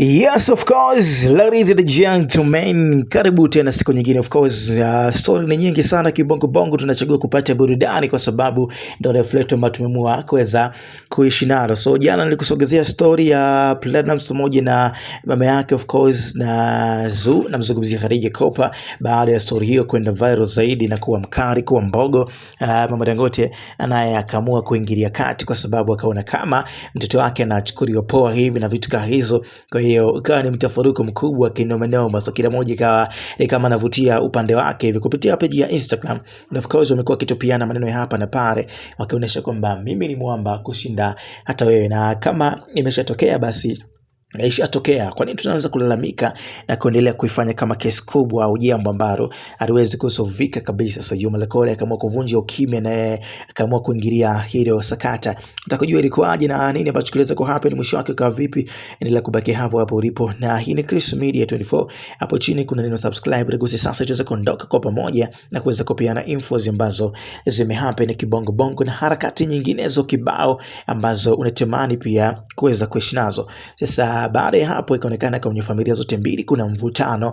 Yes of course, ladies and gentlemen, karibu tena siku nyingine. Of course, uh, story ni nyingi sana kibongo bongo, tunachagua kupata burudani kwa sababu ndio reflect ambayo tumeamua kuweza kuishi nalo. So jana nilikusogezea story ya Platinum pamoja na mama yake of course na Zu na namzungumzia Khadija Kopa, baada ya story hiyo kwenda viral zaidi na kuwa mkali, kuwa mbogo, uh, mama Dangote naye akaamua kuingilia kati kwa sababu akaona kama mtoto wake anachukuliwa poa hivi na vitu kama hizo kwa leo, ikawa ni mtafaruko mkubwa kinomanoma. So kila mmoja ikawa ni kama anavutia upande wake hivi kupitia peji ya Instagram, na of course wamekuwa wakitupiana maneno ya hapa na pale, wakionyesha kwamba mimi ni mwamba kushinda hata wewe, na kama imeshatokea basi ishatokea. Kwa nini tunaanza kulalamika na kuendelea kuifanya kama kesi kubwa au jambo ambalo haliwezi kusovika kabisa? So Juma Lokole akaamua kuvunja ukimya na akaamua kuingilia hilo sakata. Utakujua ilikuwaje na nini ambacho kiliweza ku happen, mwisho wake ukawa vipi? Endelea kubaki hapo hapo ulipo, na hii ni Chris Media 24. Hapo chini kuna neno subscribe, rigusi sasa tuweze kuondoka kwa pamoja na kuweza kupeana info ambazo zimehappen kibongo bongo na harakati nyinginezo kibao ambazo unatamani pia kuweza kuishi nazo. Sasa baada ya hapo, ikaonekana kwenye familia zote mbili kuna mvutano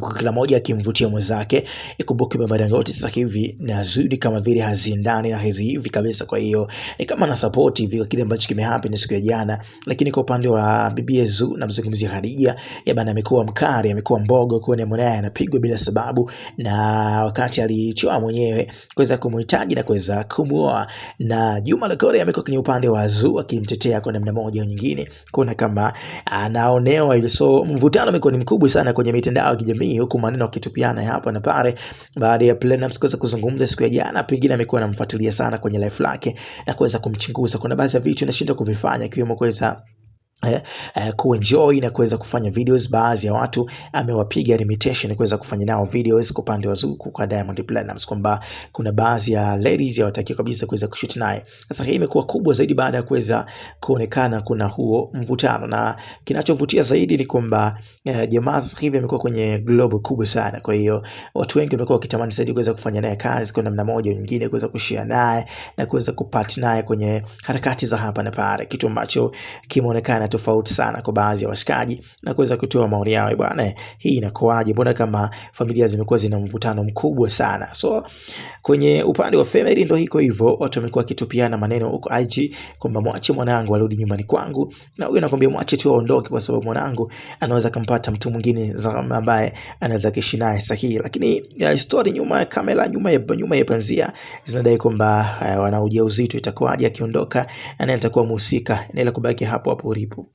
kila moja akimvutia mwenzake. Ikumbuke Baba Dangote sasa hivi nazidi kama vile hazindani na hizi hivi kabisa, kwa hiyo ni kama na support hivi kwa kile ambacho kimehappen siku ya jana. Lakini kwa upande wa Bibi Zuu na mzungumzia Khadija, ya bana, amekuwa mkali, amekuwa mbogo, kwa ni mwanae anapigwa bila sababu, na wakati alichoa mwenyewe kuweza kumhitaji na kuweza kumuoa. Na Juma Lokole amekuwa kwenye upande wa Zu akimtetea kwa namna moja au nyingine, kuona kama anaonewa hivi, so mvutano umekuwa ni mkubwa sana kwenye mitandao ya kijamii kijamii, huku maneno akitupiana hapa na pale baada ya Platnumz kuweza kuzungumza siku ya jana. Pengine amekuwa anamfuatilia sana kwenye life lake na kuweza kumchunguza Kuna baadhi ya vitu anashindwa kuvifanya ikiwemo kuweza Uh, kuenjoy na kuweza kufanya videos. Baadhi ya watu amewapiga limitation kuweza kufanya nao videos kwa upande wa zuku kwa Diamond Platnumz, kwamba kuna baadhi ya ladies hawataki kabisa kuweza kushoot naye. Sasa hii imekuwa kubwa zaidi baada ya kuweza kuonekana kuna huo mvutano, na kinachovutia zaidi ni kwamba uh, jamaa sasa hivi amekuwa kwenye globe kubwa sana. Kwa hiyo watu wengi wamekuwa wakitamani zaidi kuweza kufanya naye kazi kwa namna moja au nyingine, kuweza kushare naye na kuweza kupart naye kwenye harakati za hapa na pale, kitu ambacho kimeonekana na tofauti sana kwa baadhi ya washikaji na kuweza kutoa maoni yao, eh, bwana, hii inakoaje? Mbona kama familia zimekuwa zina mvutano mkubwa sana? So kwenye upande wa family ndo hiko hivyo, watu wamekuwa wakitupiana maneno huko IG kwamba mwache mwanangu arudi nyumbani kwangu, na huyo anakuambia mwache tu aondoke, kwa sababu mwanangu anaweza kampata mtu mwingine ambaye anaweza kishi naye sahihi. Lakini uh, story nyuma ya kamera, nyuma ya nyuma ya panzia zinadai kwamba uh, eh, wana ujauzito, itakuwaje akiondoka, anaye atakuwa mhusika, na kubaki hapo hapo ulipo. tempo